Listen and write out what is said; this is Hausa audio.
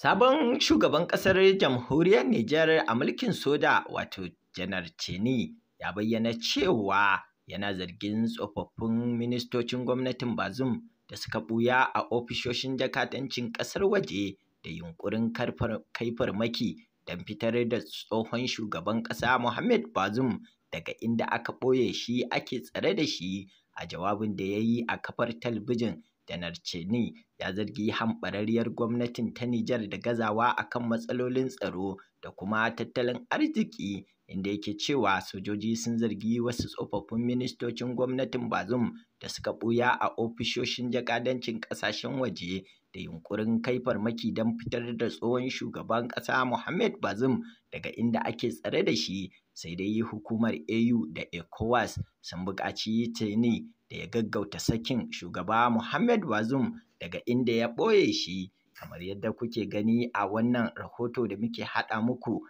Sabon shugaban ƙasar jamhuriyar Nijar a mulkin soja wato Janar Ceni ya bayyana cewa yana zargin tsofaffin ministocin gwamnatin Bazum da suka buya a ofishoshin jakatancin ƙasar waje da yunkurin kai farmaki don fitar da tsohon shugaban ƙasa Mohamed Bazum daga inda aka ɓoye shi ake tsare da shi a jawabin da ya yi a kafar talbijin janar ceni ya zargi hamɓararriyar gwamnatin ta nijar da gazawa a kan matsalolin tsaro da kuma tattalin arziki inda yake cewa sojoji sun zargi wasu tsofaffin ministocin gwamnatin bazum da suka ɓuya a ofishoshin jakadancin ƙasashen waje da yunkurin kai farmaki don fitar da tsohon shugaban ƙasa Mohammed Bazoum daga inda ake tsare da shi sai dai hukumar AU da ECOWAS sun buƙaci Tini da ya gaggauta sakin shugaba Mohammed Bazoum daga inda ya ɓoye shi kamar yadda kuke gani a wannan rahoto da muke haɗa muku